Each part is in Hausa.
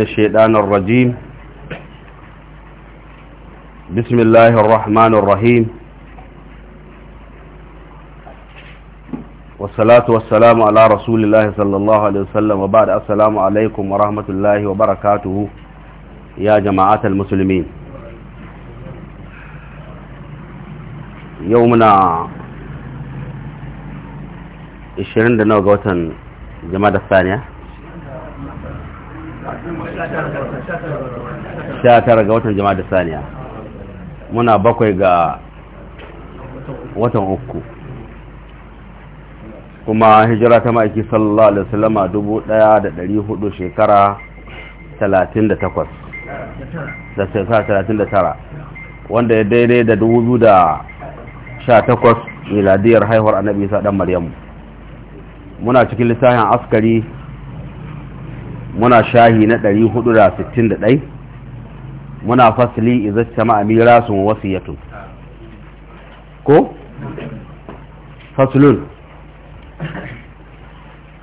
الشيطان الرجيم بسم الله الرحمن الرحيم والصلاة والسلام على رسول الله صلى الله عليه وسلم وبعد السلام عليكم ورحمة الله وبركاته يا جماعة المسلمين يومنا 20 نوغوتن جماد الثانية 19 ga watan jama'a da saniya muna bakwai ga watan uku kuma hijira ta ma'aiki sallallahu alaihi wasallama dubu daya da dari hudu shekara talatin da takwas da shekara talatin da tara wanda ya daidai da dubu biyu da sha takwas miladiyar haihuwar annabi isa dan maryamu muna cikin lissafin askari muna shahi na 461 muna fasili idan sama wasu yato ko fasulun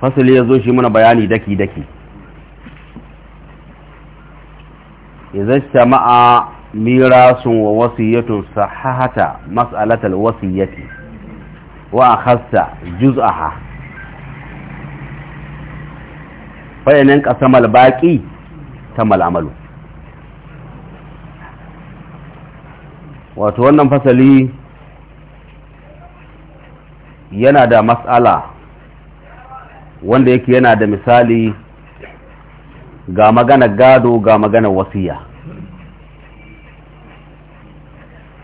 fasili ya zo shi muna bayani daki-daki idan sama mirasun wa wasiyatu sahahata wasu wasiyati wa hasta juz'aha fayanin ƙasa baƙi ta mal'amalu wato wannan fasali yana da matsala wanda yake yana da misali ga magana gado ga magana wasiya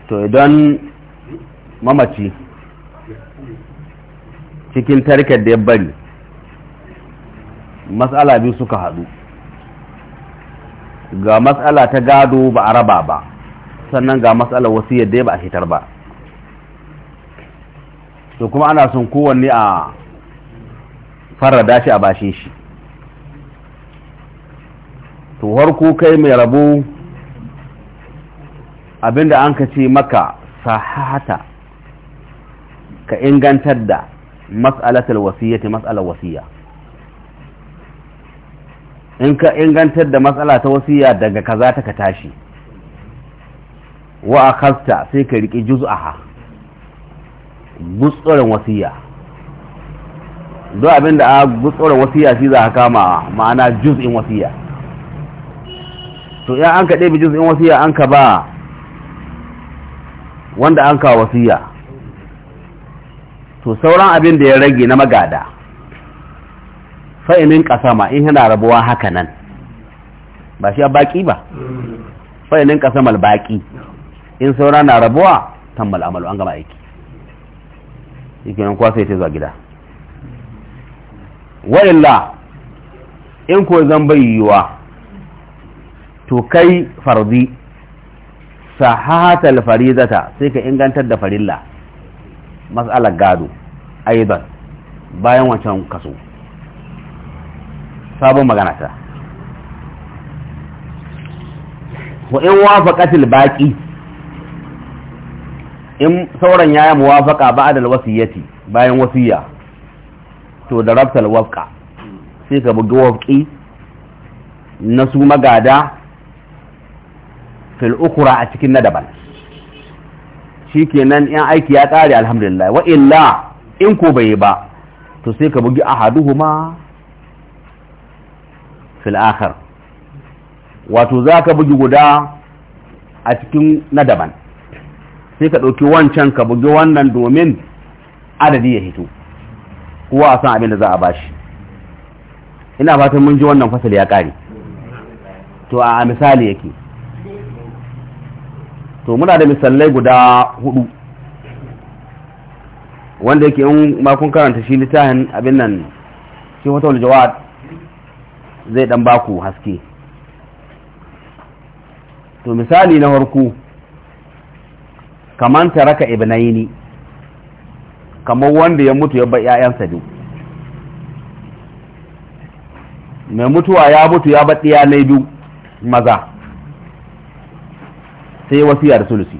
to idan mamaci cikin tarkar da ya bari matsala biyu suka haɗu ga matsala ta gado ba a raba ba sannan ga matsalar wasu yadda ba a fitar ba to kuma ana son kowanne a farada shi a bashin shi to harko kai mai rabo abinda an ka ce maka sahata ka ingantar da matsalatar wasiyyati matsalar wasiyya in ka ingantar da matsala ta wasiya daga kaza ta ka tashi wa akhasta sai ka riki juz'aha gutsoren wasiya don abin da a gutsoren wasiya shi za a kama ma'ana juz'in wasiya to ya an ka ɗebe juz'in wasiya an ka ba wanda an ka wasiya to sauran abin da ya rage na magada fa'imin ma in yana rabuwa haka nan ba shi a baƙi ba fa'imin mal baƙi in saura na rabuwa tammal amalu an gama aiki yake nan kwasa ya zuwa gida wa'illa in ko zan bai yiwuwa to kai farzi sahatal farizata sai ka ingantar da farilla matsalar gado aidan bayan wancan kaso sabon magana ta wa in wafaqatil baqi in sauran yaya muwafaqa ba'da wasiyyati bayan wasiyya to da rabtal wafqa sai ka bugi wafqi na su magada fil ukura a cikin nadaban shikenan in aiki ya kare alhamdulillah wa illa in ko bai ba to sai ka bugi ahaduhuma fil akhir wato zaka bugi guda a cikin na daban sai ka ɗauki wancan ka bugi wannan domin adadi ya hito kowa a san abin da za a bashi ina fatan mun ji wannan fasali ya kare to a misali yake to muna da misalai guda hudu wanda yake in ma kun karanta shi littafin abin nan shi wata jawad zai dan baku haske to misali na harku kaman taraka ibnaini kaman wanda ya mutu ya bar ƴaƴansa biyu mai mutuwa ya mutu ya bar ɗiyanai biyu maza sai wasiya da sulusi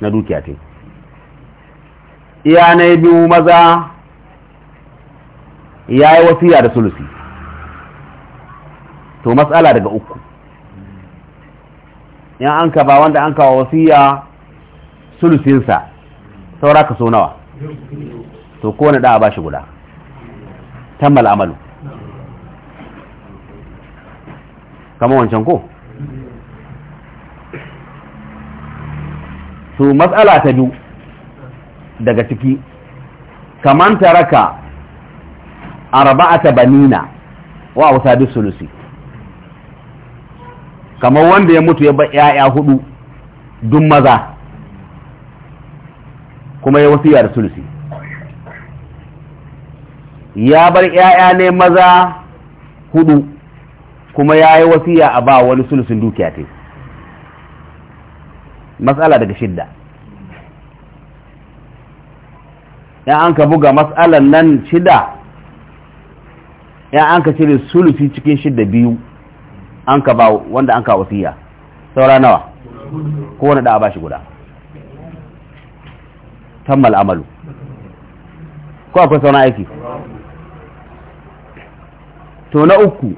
na dukiya ta iyanai biyu maza ya yi wasiya da sulusi to matsala daga uku yan an ka ba wanda an kawo wasiya sulusinsa saura ka so nawa to kowane da ba shi guda tammal amalu kama wancan ko to matsala ta biyu daga ciki kaman taraka arba'ata banina wa duk sulusi kamar wanda ya mutu ya ba yaya hudu dun maza kuma ya wasiya da sulusi ya bar yaya ne maza hudu kuma ya yi wasiya a ba wani sulusin dukiya ta matsala daga shidda ya an ka buga matsalan nan shida ya an ka cire sulufi cikin shidda biyu an ka ba wanda an ka wasiya saura nawa ko wani da ba shi guda tammal amalu ko akwai sauran aiki to na uku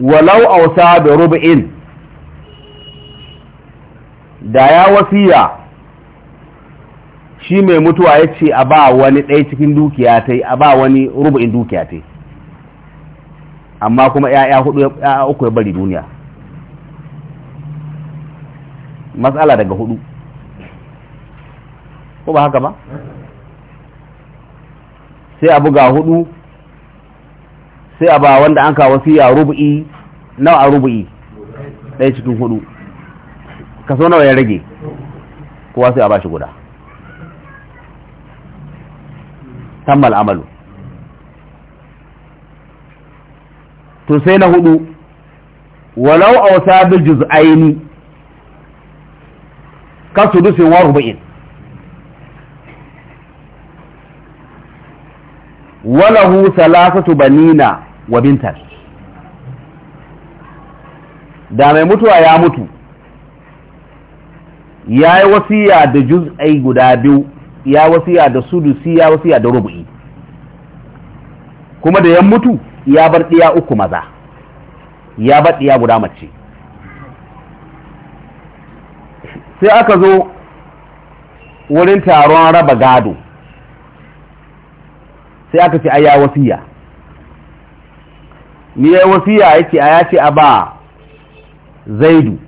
walau ausa da rubu'in da ya wasiya shi mai mutuwa ya ce a ba wani ɗaya cikin dukiya ta a ba wani rubu'in dukiya ta amma kuma ya'ya hudu ya uku ya bari duniya matsala daga hudu ko ba haka ba sai a buga hudu sai a ba wanda an kawo siya rubu'i nawa a rubu'i ɗaya cikin hudu kaso nawa ya rage kowa sai a ba shi guda tamma al'amalu to sai na hudu walau a wasa bil aini kasu sudusin wa ruba'in walahu salasatu banina wa bintar da mai mutuwa ya mutu ya yi wasiya da juz'ai guda biyu ya wasiya da sudusi ya wasiya da rubu'i kuma da ya mutu ya bar ɗiya uku maza ya bar ɗiya guda mace sai aka zo wurin taron raba gado sai aka ce a ya wasiya ni ya wasiya yake a ya ce a ba zaidu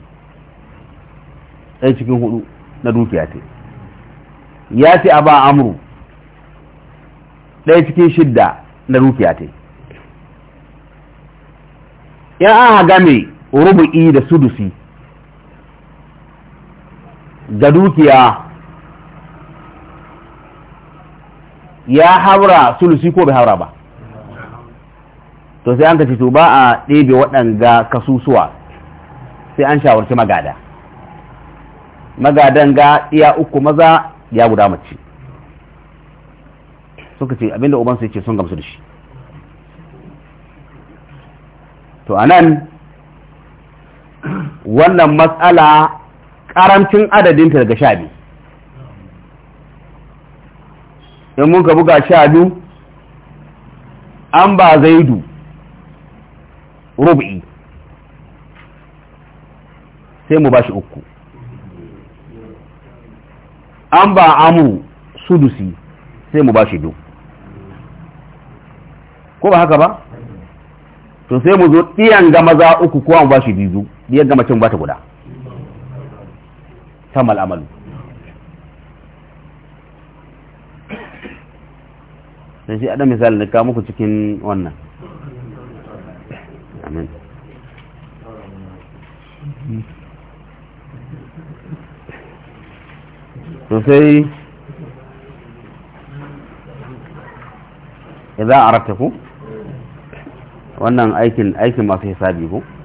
ɗan cikin hudu na dukiya ce ya ce a ba amuru ɗaya cikin shidda na dukiya ta in an haga rubu'i da sudusi ga dukiya ya haura sulusi ko bai haura ba to sai an ka to ba a ɗebe waɗanga kasusuwa sai an shawarci magada magadan ga iya uku maza ya guda mace suka ce abinda ubansu ya ce sun gamsu da shi to a nan wannan matsala karamcin adadinta daga sha biyu in mun ka buga sha biyu an ba zaidu rubi sai mu ba shi uku an ba amuru sudusi sai mu ba shi biyu ko ba haka ba to sai mu zo ɗiyan ga maza uku ko an ba shi biyu ɗiyan ga mace mu ba ta guda tamal amalu sai shi adam misali na kawo muku cikin wannan amin sosai idan a ku wannan aikin aikin masu hisabi ku